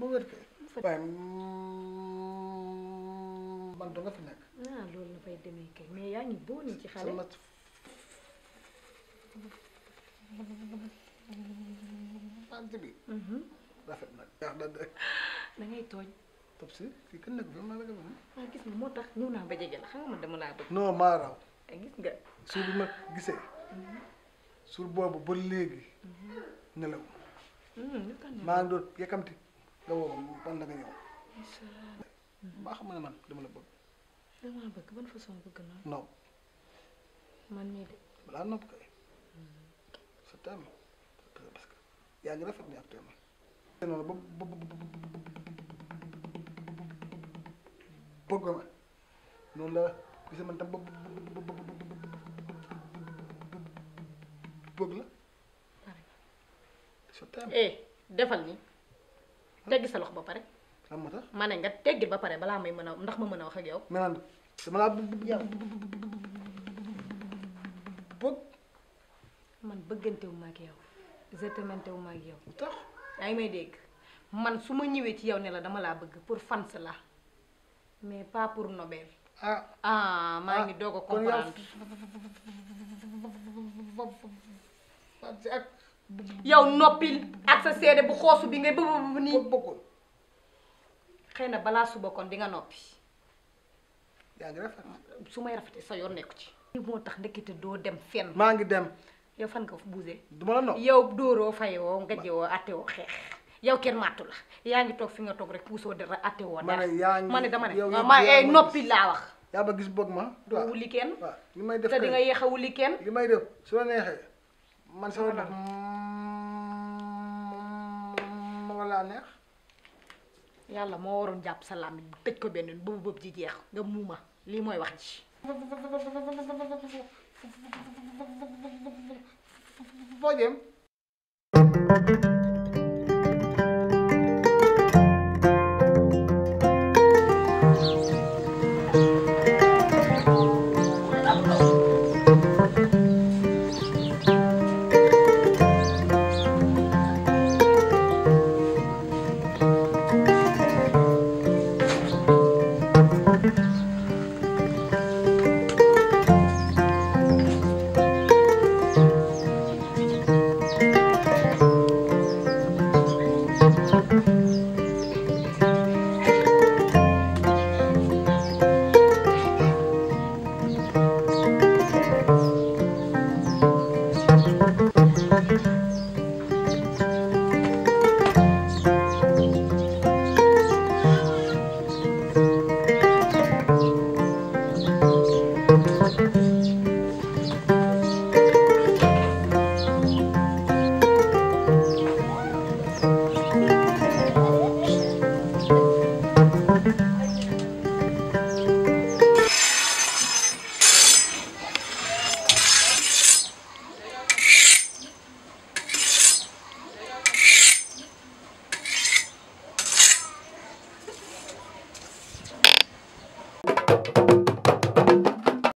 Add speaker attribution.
Speaker 1: bu wér kay. waaye man du nga fi nekk. ah loolu la fay demee kay mais yaa ngi booni ci xale. ma mhm. ah, moo tax ñëw naa ba jege la xam nga ah, nga. suur bi ma gisee. Mhm. suur boobu ba léegi. Mhm. Hmm, nelaw. maa ngi doon nga woo la nga ñëw. incha allah man dama la bëgg. dama la bëgg ban façon bëgg naa. non. man mii de. balaa nopp kay. sa tam parce que yaa ngi rafet ni actuellement. te ba bëgg ma noonu la gis man tam ba bëgg la. sa tam eh defal ni teggi sa loxo ba pare. am ma ne nga teggi ba pare balaa may mën a ndax ma mën a wax ak yow. maanaam dama laa bëgg. man bëggantewu ma ak yow zetementewu ma ak yow. tax yaa ngi may dégg man su ma ñëwee ci yow ne la dama laa bëgg pour fans la mais pas pour nobel. ah ah maa ngi doog a comprendre. yow nopil ak sa seede bu xosu bi ngay bubu bu ni xëy xeyna bala suba kon di nga nopi ya nga rafa su may sa yor nekku ci moo tax ndekete do dem fenn ma ngi dem yow fan nga buze duma la nopp yow nga jewo ngajewoo wo xex yow ken matu la ya nga tok fi nga tok rek puusoo dara attewoo dara ma dama ne ma ay eh, nopi la wax ya ba gis bok ma doo wuli ken ni may def te di nga yexawuli ken li may def su la neexee man sama ya neex yàlla moo waroon jàpp sa làmmiñ tëj ko benn bu bëb ji jeex nga muuma wax